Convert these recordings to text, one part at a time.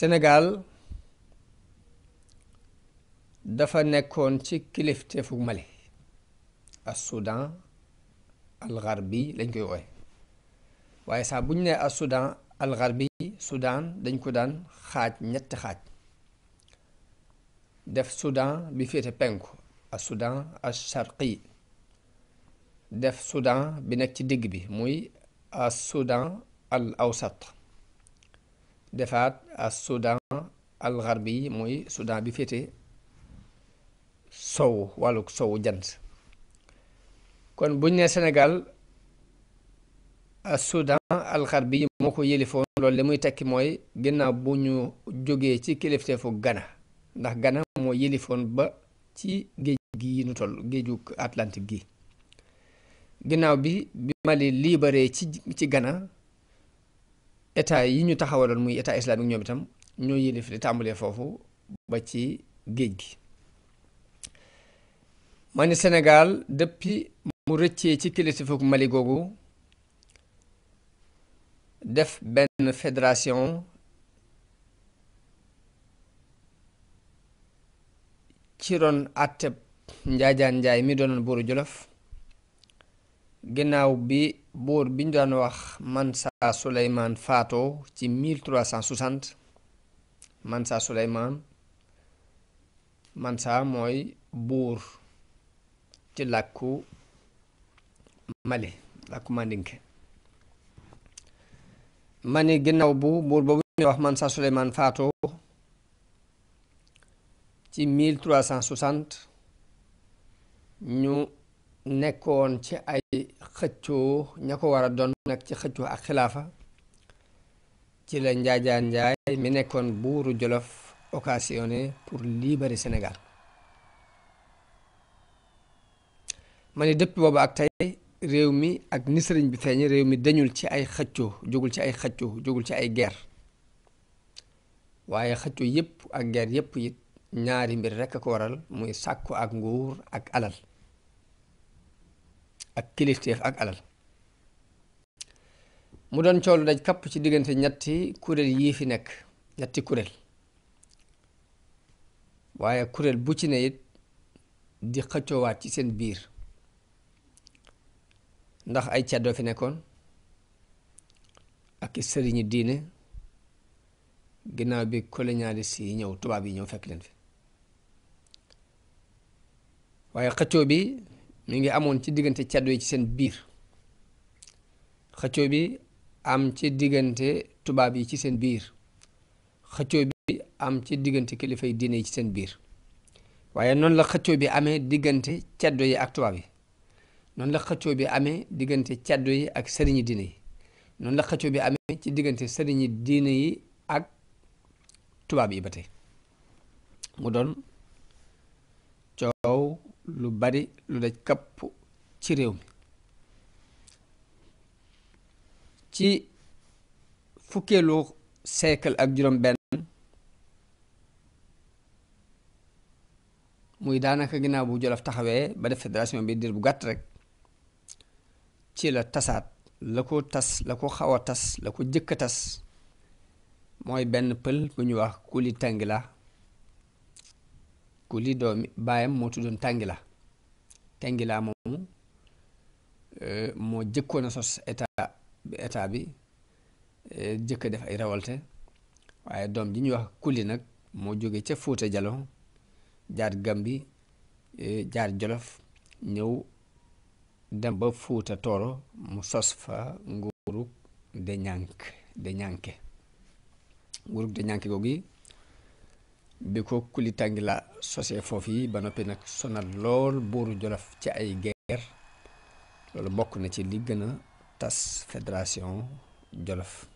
Sénégal dafa nekkoon ci kilifteefu Mali as Soudan al Gharbi lañ koy wooye waaye saa buñ ne nee as Soudan al Gharbi Soudan dañ ko daan xaaj ñetti xaaj def sudan bi féete penku as Soudan al Sharqi def sudan bi nekk ci digg bi muy as Soudan al awsat defaat as Soudan al gharbi muy Soudan bi féete sow wàllu sowu jand kon buñ ne Sénégal as Soudan al gharbi moo ko yëlifoon loolu li muy tekki mooy ginnaaw bu ñu jógee ci kilifteefu Gana ndax Gana moo yëlifoon ba ci géej gi nu toll géeju Atlantique gi ginnaaw bi bi Mali libéré ci ci Gana état yi ñu taxawaloon muy état islamique ñoom itam ñoo yilif li tàmbalee foofu ba ci géej gi ma senegaal Sénégal mu rëccee ci kilifteefu Mali googu def benn fédération ci ron àtteb njaajaan njaay mi doon buuru Jolof ginnaaw bi buur bi ñu daan wax Mansa Souleymane faatoo ci 1360 Mansa Souleymane Mansa mooy buur ci làkku Mali làkku Mandinke ma ni ginnaaw bu buur boobu ñuy wax Mansa Souleymane faatoo ci 1360 ñu nekkoon ci ay xëccoo ña ko war a doon nag ci xëccoo ak xilaafa ci la njaajaan njaay mi nekkoon buuru jolof occasionné pour libérer Sénégal ma ne depuis boobu ak tey réew mi ak ni sëriñ bi feeñ réew mi dañul ci ay xëccoo jógul ci ay ger waaye xëccoo yépp ak guerre yépp yit ñaari mbir rekk a ko waral muy sàkku ak nguur ak alal ak kilifteef ak alal mu doon coow lu daj kapp ci diggante ñetti kuréel yii fi nekk ñetti kuréel waaye kuréel bu ci ne it di xëccoowaat ci seen biir ndax ay caddoo fi nekkoon ak sëriñi diine ginnaaw bi kole colonialiste yi ñëw tubaab yi ñëw fekk leen fi waaye xëccoo bi mu ngi amoon ci diggante càddo yi ci seen biir xëcco bi am ci diggante tubaab yi ci seen biir xëccoo bi am ci diggante kilifay yi yi ci seen biir waaye noonu la xëccoo bi amee diggante ceddo yi ak tubaab yi noonu la xëcco bi amee diggante ceddo yi ak sëriñi diine yi noonu la bi amee ci diggante sëriñi diina yi ak tubaab yi ba tey mu doon coow lu bari lu daj kapp ci réew mi ci fukkeelu siècle ak juróom benn muy daanaka ginnaaw bu Jolof taxawee ba def fédération bi diir bu gàtt rek ci la tasaat la ko tas la ko xaw a tas la ko jëkk tas mooy benn pël bu ñu wax Kuli Tangila ku li doomi baayam moo tuddoon Tàngila Tàngila moomu euh, moo jëkkoon a sos état état bi euh, jëkk def ay révolte waaye doom ji ñuy wax kuli nag moo jóge ca Fuuta Jalo jaar Gambi euh, jaar Jolof ñëw dem ba Fuuta Tooro mu sos fa nguurug de ñànk de ñànke nguurug de ñànke googu bi ko Kulitangi la sosee foofu yi ba noppi nag sonal lool buuru Jolof ci ay guerre loolu bokk na ci li gën tas fédération Jolof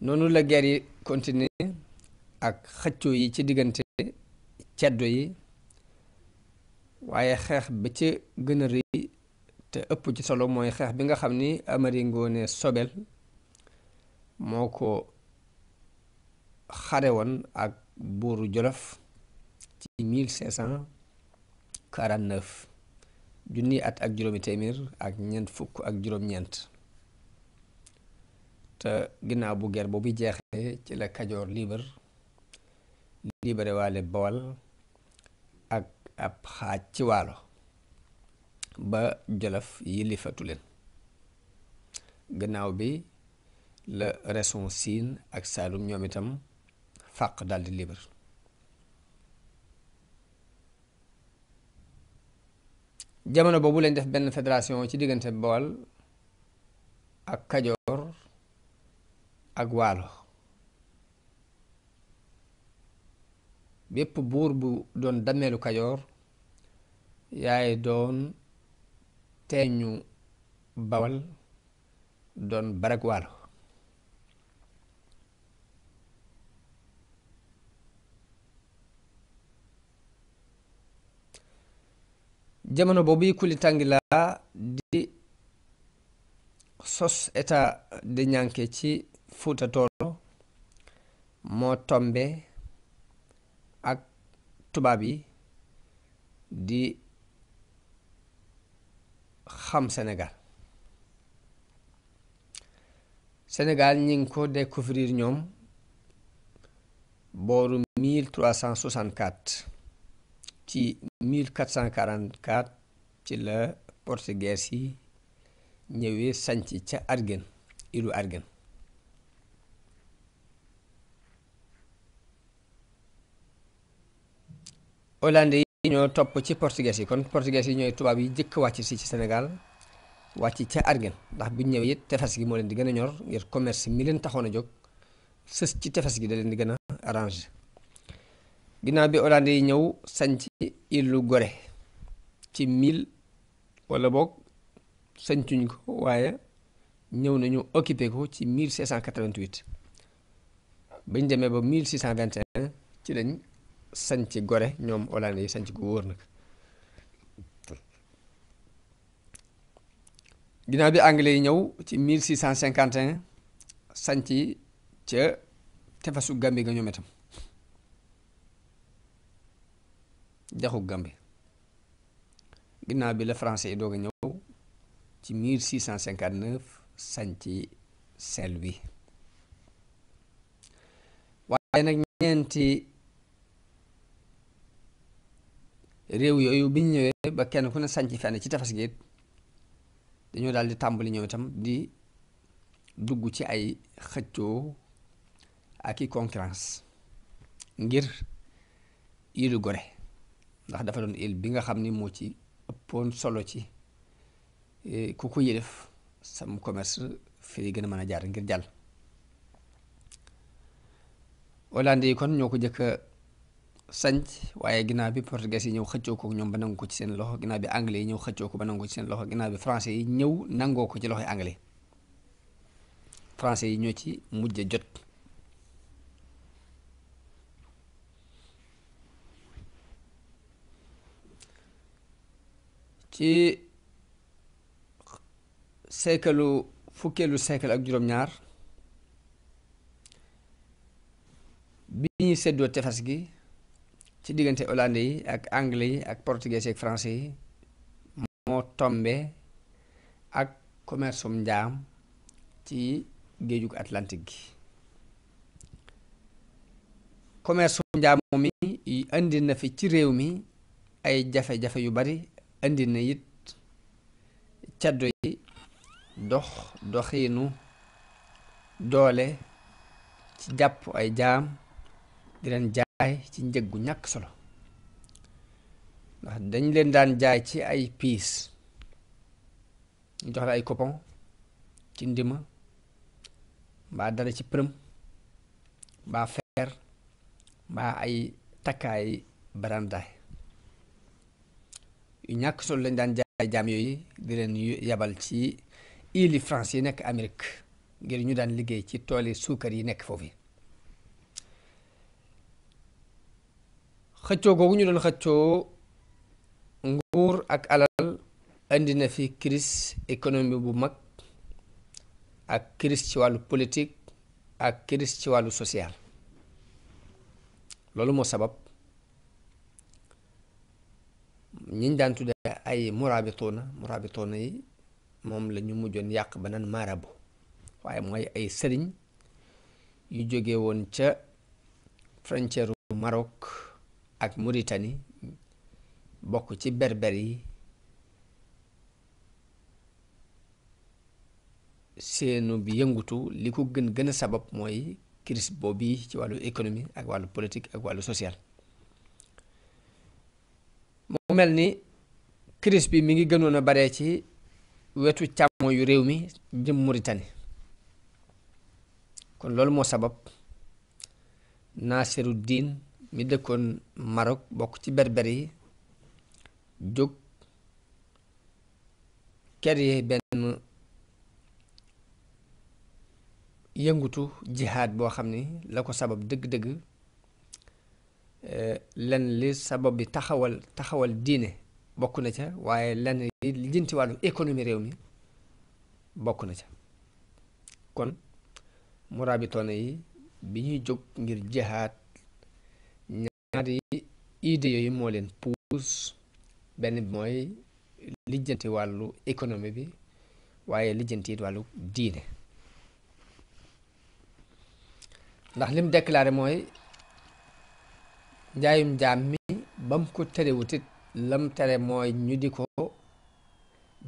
noonu la guerre yi continuer ak xëccoo yi ci diggante ceddo yi waaye xeex bi ci gën a rëy te ëpp ci solo mooy xeex bi nga xam ni Amari Ngoone Sobel moo ko xare woon ak buuru jolof ci 1549 at ak juróomi téeméer ak ñeent fukk ak juróom-ñeent te ginnaaw bu guerre boobu jeexee ci la kajoor liibar liibare waale bawal ak ab xaaj ci waalo ba jolof yilifatu leen gannaaw bi la région Sine ak Saalum ñoom itam fàq daldi libar jamono boobu lañ def benn fédération ci diggante Bawol ak Kajoor ak Waalo bépp buur bu doon dameelu Kajoor yaay doon teeñu Bawol doon barag Waalo jamono boobu Kulitang laa di sos état de ñànke ci Fuuta Tooro moo tombe ak tubaab yi di xam Sénégal senegaal ñi ngi ko découvrir ñoom booru 1364 ci cent quarante 1444 ci la portugais yi ñëwee sanc ca Arguin ilu Arguin hollandais yi ñoo topp ci portugais yi kon portugais yi ñooy tubaab yi jëkk wàcc si ci Sénégal wàcc ca Arguin ndax bu ñëwee it tefes gi moo leen di gën a ñor ngir commerce mi leen taxoon a jóg sës ci tefes gi daleen di gën a arrangé ginnaaw bi Hollandais yi ñëw sanc illu gore ci mille wala boog sancuñ ko waaye ñëw nañu occupé ko ci 1688 bañ demee ba 1621 ci lañ sanc gore ñoom Hollandais yi sanc ko wër nag ginnaaw bi anglais yi ñëw ci cent 1651 sanc ca tefasu Gàmbi ga ñoom jaxu Gambie ginnaaw bi la français yi doog a ñëw ci 1659 sanc Saint-Louis waaye nag ñeenti réew yooyu bi ñëwee ba kenn ku ne sanc fenn ci tefes gi dañoo daal di tàmbali ñëw itam di dugg ci ay xëccoo ak i concurrence ngir ilu gore ndax dafa doon il bi nga xam ni moo ci ëppoon solo ci e, ku ko yëlef sam commerce fi gën a mën a jaar ngir jàll Hollande yi kon ñoo ko jëkk a sanc waaye ginnaaw bi portugais yi ñëw xëccoo ko ñoom ba nangu ko ci seen loxo ginnaaw bi anglais yi ñëw xëccoo ko ba nangu ko ci seen loxo ginnaaw bi français yi ñëw nangoo ko ci loxo anglais français yi ñoo ci mujj jot ci seekalu fukkeelu seekal ak juróom-ñaar bi ñuy seddoo tefas gi ci diggante hollande yi ak anglais yi ak portugais ak français yi moo tombe ak commerce um njaam ci géeju atlantique gi commerce um njaam mi indi fi ci réew mi ay jafe-jafe yu bari indi na it caddo yi dox doxiinu doole ci jàpp ay jaam di leen jaay ci njëg gu ñàkk solo ndax dañ leen daan jaay ci ay piis ñu jox ay coupon ci ndima mbaa dara ci përëm mbaa fer mbaa ay takkaay barandaay yu ñàkk sol lañu daan jaay jaam yooyu di leen yabal ci îles France yi nekk Amérique ngir ñu daan liggéey ci tooli suukar yi nekk foofu xëccoo googu ñu doon xëccoo nguur ak alal indi na fi crise économie bu mag ak crise ci wàllu politik ak crise ci wàllu social loolu moo sabab ñiñ daan tudde ay murabitoona murabitoona yi moom lañu ñu mujjoon yàq ba naan maarabu waaye mooy ay sëriñ yu jóge woon ca frontière marok ak moritani bokk ci berber yi seenu bi yëngutu li ko gën gën a sabab mooy kiris crise boobu ci wàllu économie ak wàllu politique ak wàllu social mu mel ni crise bi mi ngi gënoon a baree ci wetu càmmo yu réew mi jëm Mauritanie kon loolu moo sabab Naasiru Diin mi dëkkoon Maroc bokk ci berber yi jóg ker yi benn yëngutu jihaad boo xam ni la ko sabab dëgg-dëgg Eh, lenn li sabab bi taxawal taxawal diine bokk na ca waaye lenn li lijjanti wàllu économie réew mi bokk na ca kon murabitoona yi bi ñuy jóg ngir jihaad yi idées yooyu moo leen puus benn bi mooy lijjanti wàllu économie bi waaye lijjanti wàllu diine ndax lim déclaré mooy njaayum jaam mi bam ko terewut it lam tere mooy ñu di ko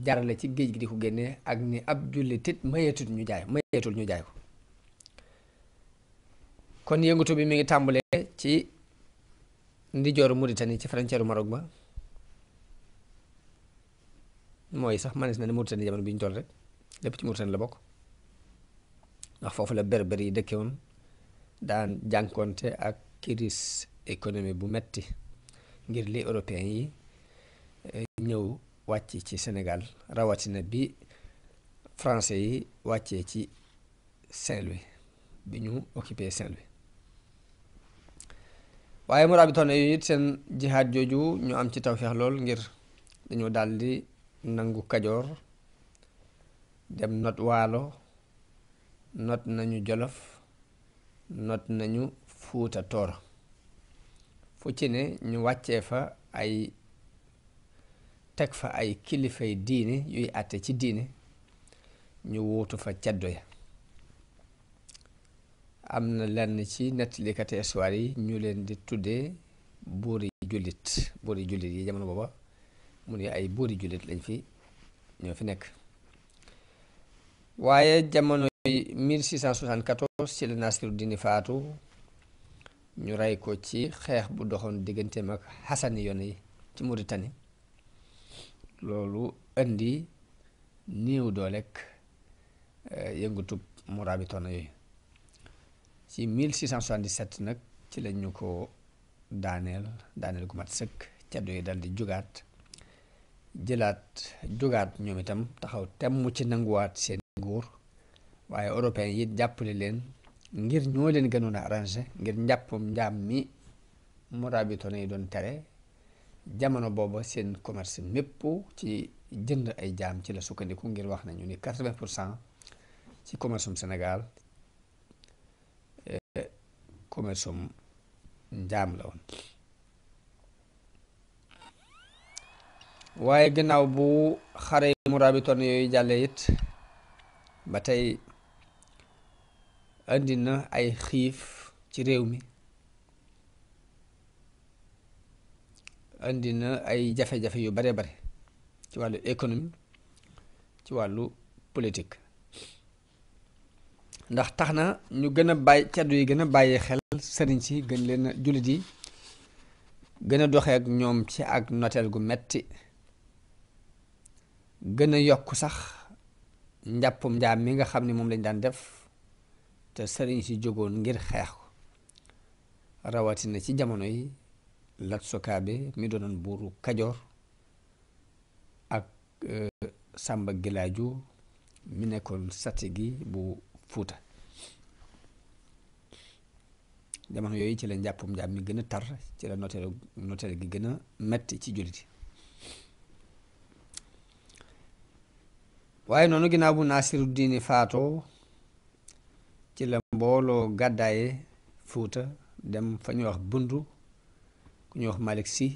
jarale ci géej gi di ko génnee ak ni ab jullit it mayeetut ñu jaay mayeetul ñu jaay ko kon yëngatu bi mi ngi tàmbalee ci ndijooru Mauritanie ci frontière Maroc ma mooy sax manis na ne Mauritanie jamono bi ñu toll rek lépp ci Mauritanie la bokk ndax foofu la berber yi dëkke woon daan jànkonte ak kiris économie bu metti ngir li européen yi eh, ñëw wàcc ci Sénégal rawatina bi français yi wàccee ci saint bi ñu occupé saint waaye mu raabitoon yu it seen jihaad jooju ñu am ci tawfeex lool ngir dañoo daldi nangu kajoor dem not waalo not nañu jolof not nañu fuuta tooro fu ci ne ñu wàccee fa ay teg fa ay kilifay diine yuy àtte ci diine ñu wuutu fa caddo ya am na lenn ci nettalikati histoire yi ñu leen di tuddee buuri jullit buuri jullit yi jamono booba mu ne ay buuri jullit lañ fi ñoo fi nekk waaye jamono yi 1674 ci la Nasiruddin faatu ñu rey ko ci xeex bu doxoon digganteem ak xasaniyoon yi ci Mauritanie loolu indi néew dooleeg eh, yëngutub murabitoona yooyu ci mille 1677 nag ci la ñu ko daaneel daaneel gu mat sëkk caddo yi dal di jugaat jëlaat jógaat ñoom itam taxaw temm ci nanguwaat seen nguur waaye européen yi jàppale leen ngir ñoo leen gënoon a arrangé ngir njàppum njaam mi morabito nay doon tere jamono booba seen commerce mépp ci jënd ay jaam ci la sukkandiku ngir wax nañu ni quatre ci commerce um Sénégal eh, commerce um njaam la woon waaye ginnaaw bu xare morabitoon yooyu jàlle it ba tey indi na ay xiif ci réew mi indi na ay jafe-jafe yu bare bare ci wàllu économie ci wàllu politik ndax tax na ñu gën a bàyyi caddu yi gën a bàyyi xel sëriñ si gën leen a jullit yi gën a doxee ak ñoom ci ak noteel gu metti gën a yokk sax njàppum njaam mi nga xam ni moom lañ daan def te sëriñ si jógoon ngir xeex ko rawatina ci jamono yi Lat mi doonoon buuru Kajoor ak euh, Sàmba Gilaaju mi nekkoon gi bu Fuuta jamono yooyu ci la njàppum njàpp mi gën a tar ci la noteelu noteelu gi gën a metti ci jullit yi waaye noonu ginnaaw bu Naasiru Diini faatoo ci la mbooloo gàddaaye fuuta dem fa ñuy wax bundu ku ñuy wax Malick Sy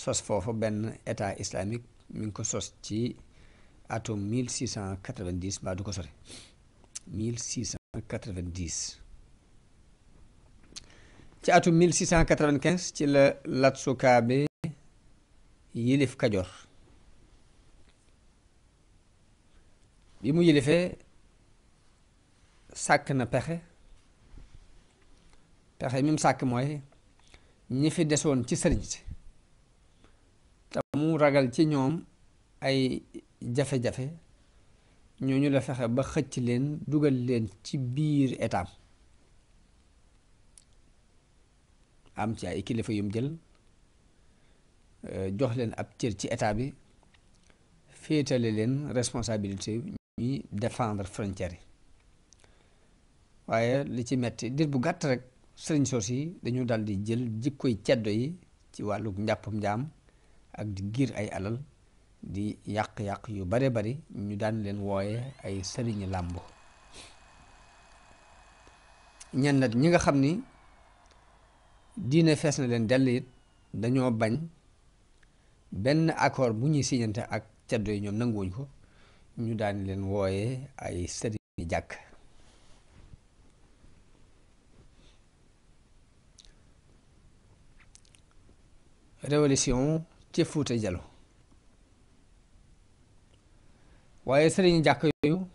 sos foofu benn état islamique mi ngi ko sos ci atum 1690 mbaa du ko sore 1690 ci atum 1695 ci la Latsukaabe yilif Kajoor bi mu yilifee sàkk na pexe pexe mi mu sàkk mooy ñi fi desoon ci sëriñ si te mu ragal ci ñoom ay jafe-jafe ñooñu la fexe ba xëcc leen dugal leen ci biir état am ci ay kilifa yum jël jox leen ab cër ci état bi féetale leen responsabilité ñuy défendre frontière yi waaye li ci metti dir bu gàtt rek sëriñ soos yi dañu dal di jël jikkoy ceddo yi ci wàllu njàppum njaam ak di giir ay alal di yàq-yàq yu bare bari ñu daan leen wooye ay sëriñi làmb ñenn ñi nga xam ni diine fees na leen dell it dañoo bañ benn accord bu ñuy siñante ak ceddo yi ñoom nanguwuñ ko ñu daan leen wooye ay sëriñi jàkk révolution ci Fuuta Jallo waaye sëriñu jàkk yooyu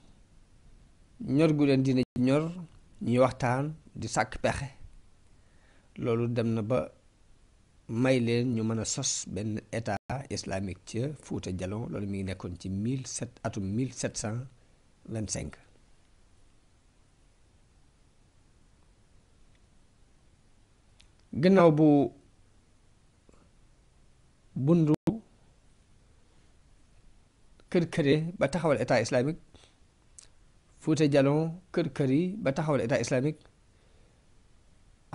ñor gu leen dina ñor ñuy waxtaan di sàkk pexe loolu dem na ba may leen ñu mën a sos benn état islamique ca Fuuta Jallo loolu mi ngi nekkoon ci mille sept atum mille sept cent vingt cinq gannaaw bu bundu kër-këre ba taxawal état islamique Fuuta Jalon kër-kër yi ba taxawal état islamique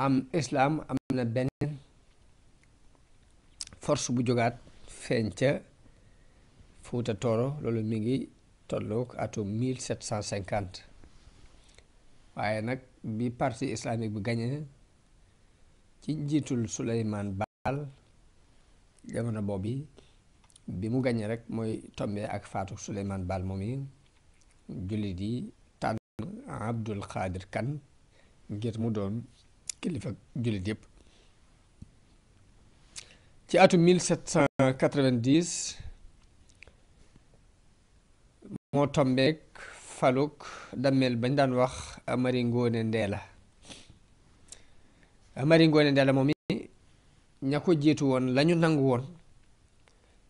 am islam am na beneen force bu jogaat feeñ ca Fuuta Tooro loolu mi ngi tolloog atum 1750 waaye nag bi parti islamique bu gañe ci njiitul Souleymane Baal jamono boobu bi mu gañee rek mooy tombee ak faatu Souleymane Baal moom yi jullit yi tànn Abdul Xaadir Kan ngir mu doon kilifa jullit yëpp ci atum 1790 moo tombeek faluk dammeel bañ daan wax Amari Ngoone Ndeela Amari Ngoone Ndeela moom ña ko jiitu woon lañu ñu nangu woon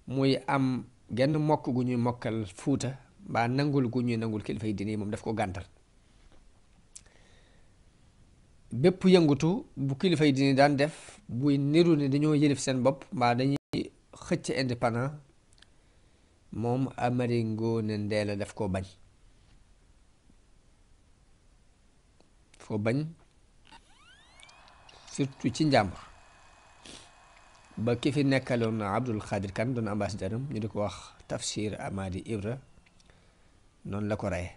muy am genn mokk gu ñuy mokkal fuuta mbaa nangul gu ñuy nangul kilifa yi diine moom daf ko gàntal bépp yëngutu bu kilifa yi diine daan def buy niru ni dañoo yëlif seen bopp mbaa dañuy xëcc indépendant moom Amari Ngoone Ndeela daf koo bañ daf ko bañ surtout ci njàmbur ba ki fi nekkaloon Abdul Xaadir Kan doon ambassadeur am ñu di ko wax Tafsir Amady Ibra noonu la ko reye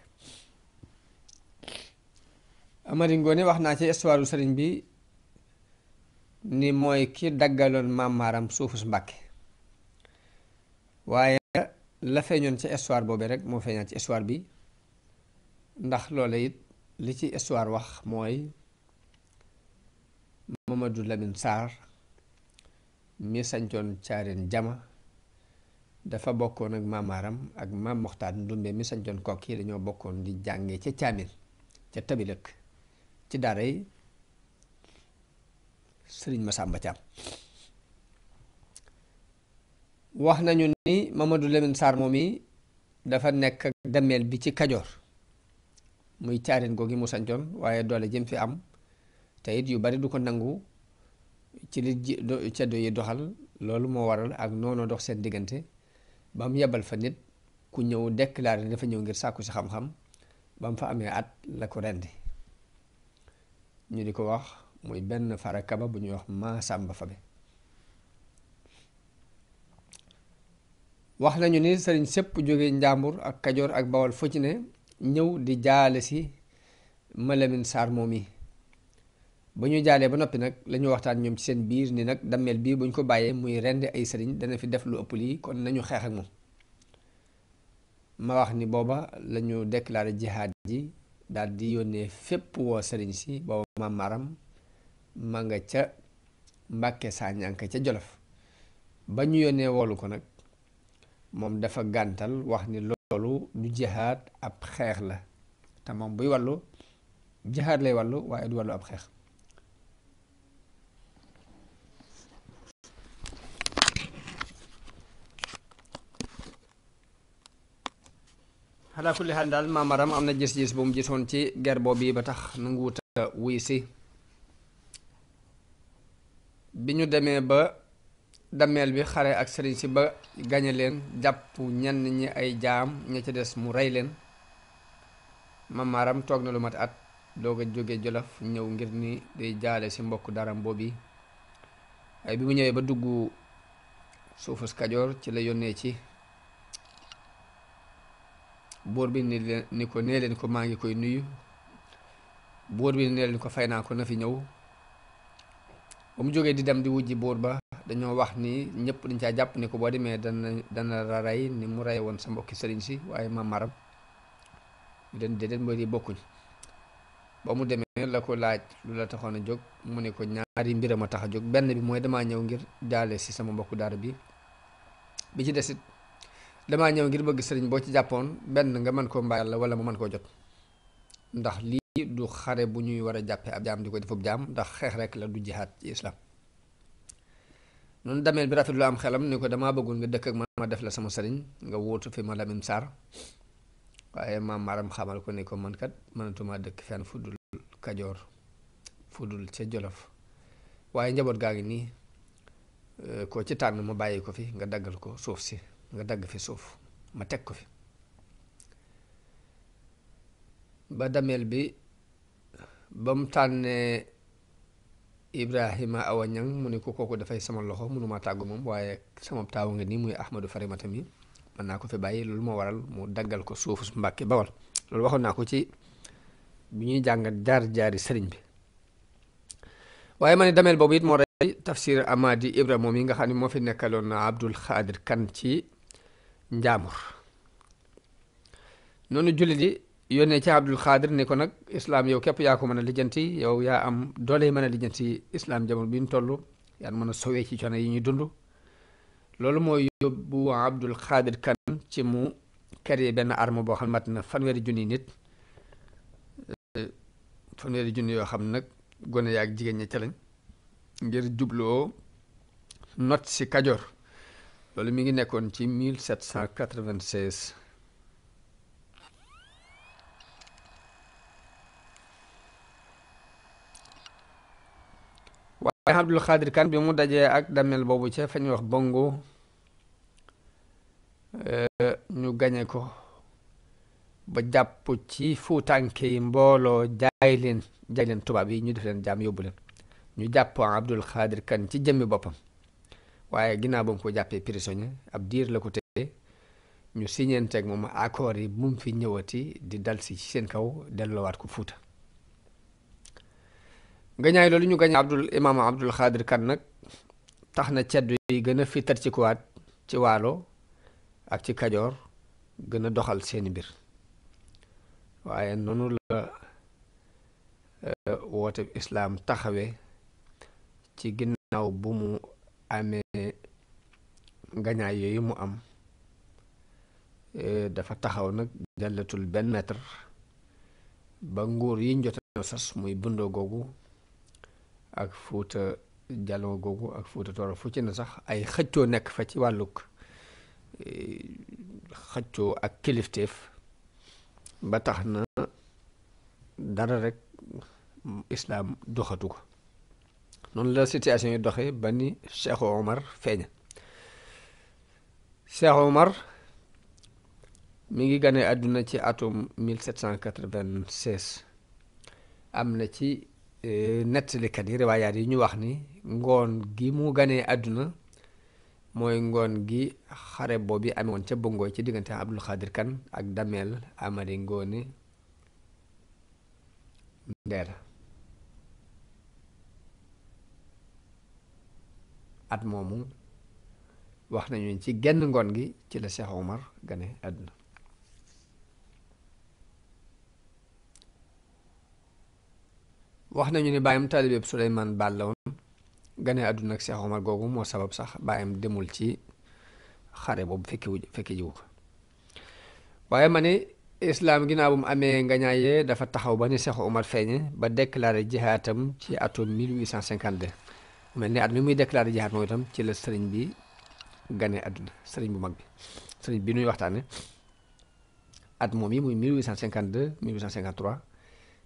Amady Ngoone wax naa ci histoire sëriñ bi ni mooy ki daggaloon maam maaram suufu su Mbàkke waaye la feeñoon ci histoire boobu rek moo feeñaat ci histoire bi ndax loola it li ci histoire wax mooy Mamadou Lamine Sarr mi sancoon caareen jama dafa bokkoon ak maamaaram ak maam moxtaar ndumbe mi sancoon kokki dañoo bokkoon di jànge ca caamil ca tabilëk ci daara yi sëriñ Masamba Caam wax nañu ni Mamadou Lamine Sarr moom yi dafa nekk ak bi ci kajoor muy caarin googi mu sancoon waaye doole jëm fi am te yu bari du ko nangu ci li ceddo yi doxal loolu moo waral ak noonu dox seen diggante ba mu yebal fa nit ku ñëw déclaré dafa ñëw ngir sàkku si xam-xam ba mu fa amee at la ko rendi ñu di ko wax muy benn farakaba bu ñuy wax Maasamba Fabe wax nañu ni sëriñ sëpp jóge njàmbur ak kajoor ak bawal fu ci ne ñëw di jaale si ma Malamine Sarr moom yi ba ñu jaalee ba noppi nag la ñu waxtaan ñoom ci seen biir ni nag dammel bii buñ ko bàyyee muy rend ay sëriñ dana fi def lu ëpp lii kon nañu xeex ak moom ma wax ni booba lañu ñu déclaré jihaad ji daal di yónnee fépp woo sëriñ si booba ma maram ma nga ca mbàkke saañanka ca jolof ba ñu yónnee woolu ko nag moom dafa gàntal wax ni loolu du jihaad ab xeex la te moom buy wàllu jihaad lay wàllu waaye du wàllu ab xeex ala kulli hal dal maamaram am na gis-gis bu mu gisoon ci ger boobu ba tax nanguwuta wuy si bi ñu demee ba damel bi xaré ak sëriñ ci ba gagné len japp ñen ñi ay jaam ñi ci dess mu rey leen mamaaram tok na lu mat at doga joggé jolof ngir ni day jaalé ci mbokk daram ay bi mu ba dugg kadior ci la ci buur bi ni leen ni ko nee leen ko maa ngi koy nuyu buur bi nee leen ko fay naa ko na fi ñëw ba mu jógee di dem di wujji buur ba dañoo wax ni ñëpp dañ caa jàpp ni ko boo demee dana dana ni mu rey woon sa mbokki sëriñ si waaye ma maram ñu leen déedéet mooy bokkuñ ba mu demee la ko laaj lu la taxoon a jóg mu ne ko ñaari mbiram a tax a jóg benn bi mooy damaa ñëw ngir jaale si sama mbokku daara bi bi ci desit dama ñew ngir bëgg sëriñ bo ci japon ben nga man ko mbaayal wala mu man ko jot ndax li du xare bu ñuy wara jappé ab jam diko ko defub ndax xex rek la du jihad ci islam non damel bi rafet lu am xelam ni ko dama bëggul nga dëkk ak man ma def la sama sëriñ nga wootu fi ma min sar waye ma maram xamal ko ni ko man kat mënatuma dëkk fenn fudul kadior fudul ci jolof waye njabot gaangi ni ko ci tan ma bayiko ko fi nga daggal ko suuf si nga dagg fi suuf ma teg ko fi ba dameel bi ba mu tànnee ibrahima ñang mu ne ko kooku dafay sama loxo mënuma tàggu moom waaye sama taawu nga nii muy ahmadu farimata mi mën naa ko fi bàyyi loolu ma waral mu daggal ko suufu su bawal loolu waxoon naa ko ci bi ñuy jàng jaar jaari sëriñ bi waaye ma ne dameel boobu it moo rey tafsir amadi ibrahima moom yi nga xam ne moo fi nekkaloon abdul xaadir kan ci njaamur noonu jullit yi yónnee ci Abdul Xaadir ni ko nag islaam yow képp yaa ko mën a lijjanti yow yaa am doole mën a lijjanti islaam jamono bi ñu toll yaa mën a sowee ci coono yi ñuy dund loolu mooy yóbbu Abdul Xaadir kan ci mu créé benn arm boo xam mat na fanweeri junni nit euh, fanweeri junni yoo xam nag gone yaa ak jigéen ña ca lañ ngir jubloo not si Kajoor loolu mi ngi nekkoon ci 1796 waaye Abdul Xaadir Kan bi mu dajee ak damel boobu ca fa ñuy wax bongo euh, ñu gañe ko ba jàpp ci fu fuutànke yi mbooloo jaay leen jaay leen tubaab yi ñu def leen jaam yóbbu leen ñu jàpp Abdul Xaadir Kan ci jëmmi boppam waaye ginnaaw ba mu ko jàppee prisonnier ab diir la ko tëddee ñu siñeenteeg moom accord yi bu mu fi ñëwati di dal si seen kaw delloowaat ko Fuuta. gañaay loolu ñu gañ Abdul Imaam Abdul Xaadir Kan nag tax na ceddu yi gën a fitar ci kuwaat ci waalo ak ci kajoor gën a doxal seeni mbir waaye noonu la eh, woote islaam taxawe ci ginnaaw bu mu amee ngañaay yooyu mu am dafa taxaw nag jàllatul benn mètre ba nguur yi njot a sas muy bundoo googu ak fuuta jàlloo googu ak fuuta tooro fu ci ne sax ay xëccoo nekk fa ci wàllug xëccoo ak kilifteef ba tax na dara rek islaam doxatu ko noonu la situation yi doxee ba ni Cheikh Omar feeña Cheikh Omar mi ngi gane àdduna ci atum 1796 am na ci e, nettalikat yi riwaayaat yi ñu wax ni ngoon gi mu ganee àdduna mooy ngoon gi xare boobu amoon ca Bongooy ci diggante Abdul Xaadir Kan ak Dameel Amari Ngoone Ndeela at moomu wax nañu ci genn ngoon gi ci la Cheikh Omar gane àdduna nañu ni bàyyam taalibeeb Souleymane Baal la woon gane àdduna ak Cheikh Omar googu moo sabab sax bàyyam demul ci xare boobu fekkiwu fekki jiwu ko waaye ma ne islaam ginnaaw bu mu amee nga ñaayee dafa taxaw ba ni Cheikh Omar feeñe ba déclaré jihaatam ci atum 1852 mel ni at mi muy déclaré jihaat moom itam ci la sëriñ bi ganee àdduna sëriñ bu mag bi sëriñ bi nuy waxtaane at moom yi muy 1852 1853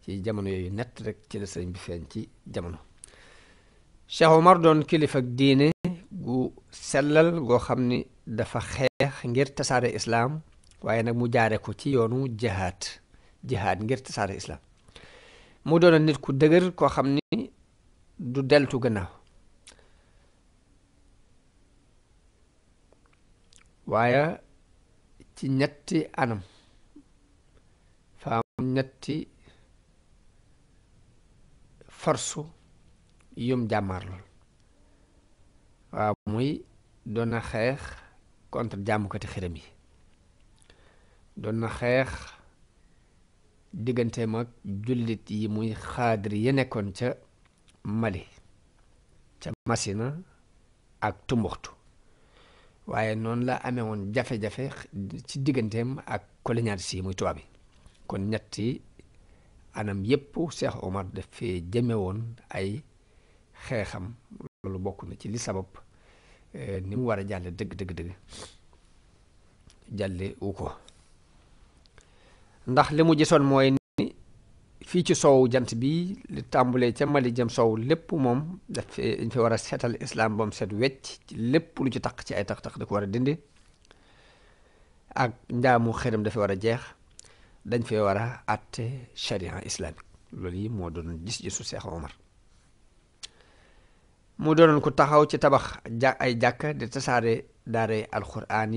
ci jamono yooyu nett rek ci la sëriñ bi feeñ ci jamono Cheikh Omar doon kilifa diine gu sellal goo xam ni dafa xeex ngir tasaare islaam waaye nag mu jaare ko ci yoonu jihaad jihaad ngir tasaare islaam mu doon nit ku dëgër koo xam ni du deltu gannaaw waaye ci ñetti anam faam ñetti forsu yum jàmmaar lool waaw muy doon na xeex contre jàmmukati xiram yi doon na xeex digganteem ak jullit yi muy xaadir ya nekkoon ca Mali ca Masina ak Tumbuktu waaye noonu la amee woon jafe-jafe ci digganteem ak colonial si muy tubaab bi kon ñetti anam yépp Cheikh Omar dafee jëme woon ay xeexam loolu bokk na ci li sabab eh, ni mu war a jàlle dëgg dëgg dëgg jàlle ko ndax li mu gisoon mooy fii ci soow jant bi li tàmbulee ca Mali jëm soow lépp moom daf dañ fi war a seetal islaam ba mu set wecc lépp lu ci takk ci ay tax-tax da ko war a dindi ak njaamu xëram dafa war a jeex dañ fee war a àtte charia islamique loolu yi moo doon gis-gisu Seex Omar mu doonoon ku taxaw ci tabax ja ay jàkka di tasaare daaray alxuraan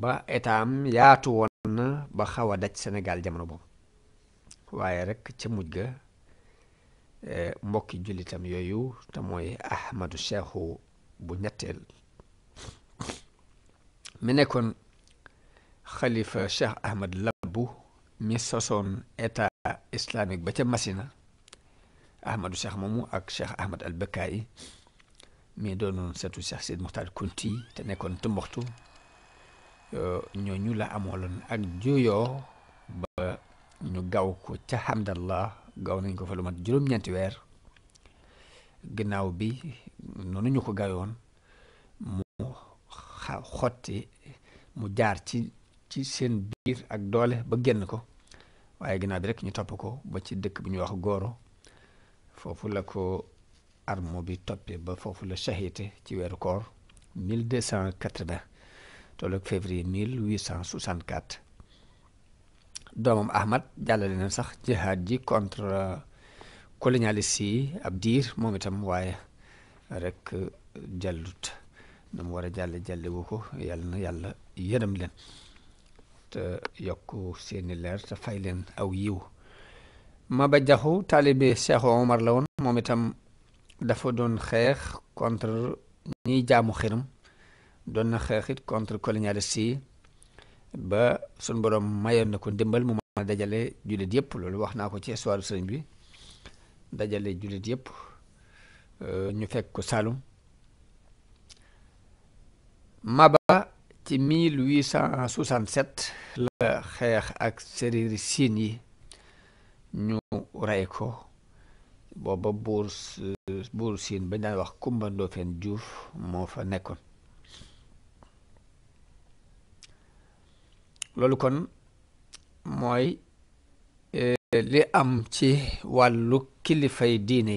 ba étaam yaatu woon na ba xaw a daj Sénégal jamono boobu waaye rek ca mujj ga mbokki julitam yooyu te mooy ahmadu seexu bu ñetteel mi nekkoon xalifa cheikh ahmad labbu mi sosoon état islamique ba ca masina ahmadu cheikh moomu ak cheikh ahmad al bakaayi mi doonoon setu cheikh sid muxtaar kunti te nekkoon tumbaxtu ñooñu la amooloon ak juyoo ba ñu gaaw ko ca hamdallah gaw nañ ko fa lu mat juróom-ñeenti weer ginnaaw bi noonu ñu ko gayoon mu xotti mu jaar ci ci seen biir ak doole ba génn ko waaye ginnaaw bi rek ñu topp ko ba ci dëkk bu ñuy wax Goro foofu la ko armo bi toppee ba foofu la shahite ci weeru koor 1280 tolloog février 1864 doomam Ahmad jàllale na sax jihaad ji contre euh, colonialiste yi ab diir moom itam waaye rek euh, jàllut na mu war a jàlle jàlle ko yàlla na yàlla yërëm leen te yokk seeni leer te fay leen aw yiw Maba Jaxu taalibe Cheikh Omar la woon moom itam dafa doon xeex contre ñiy jaamu xiram doon na xeex contre colonialiste yi ba suñ borom mayoon na ko ndimbal mu mën dajale jullit yëpp loolu wax naa ko ci histoire sëriñ bi dajale jullit yëpp euh, ñu fekk ko Saalum Maba ci 1867 la xeex ak séréeri siin yi ñu rey ko booba buur euh, buur siin bañ daan wax Kumba Ndoofeen Juuf moo fa nekkoon loolu kon mooy eh, li am ci wàllu kilifay diine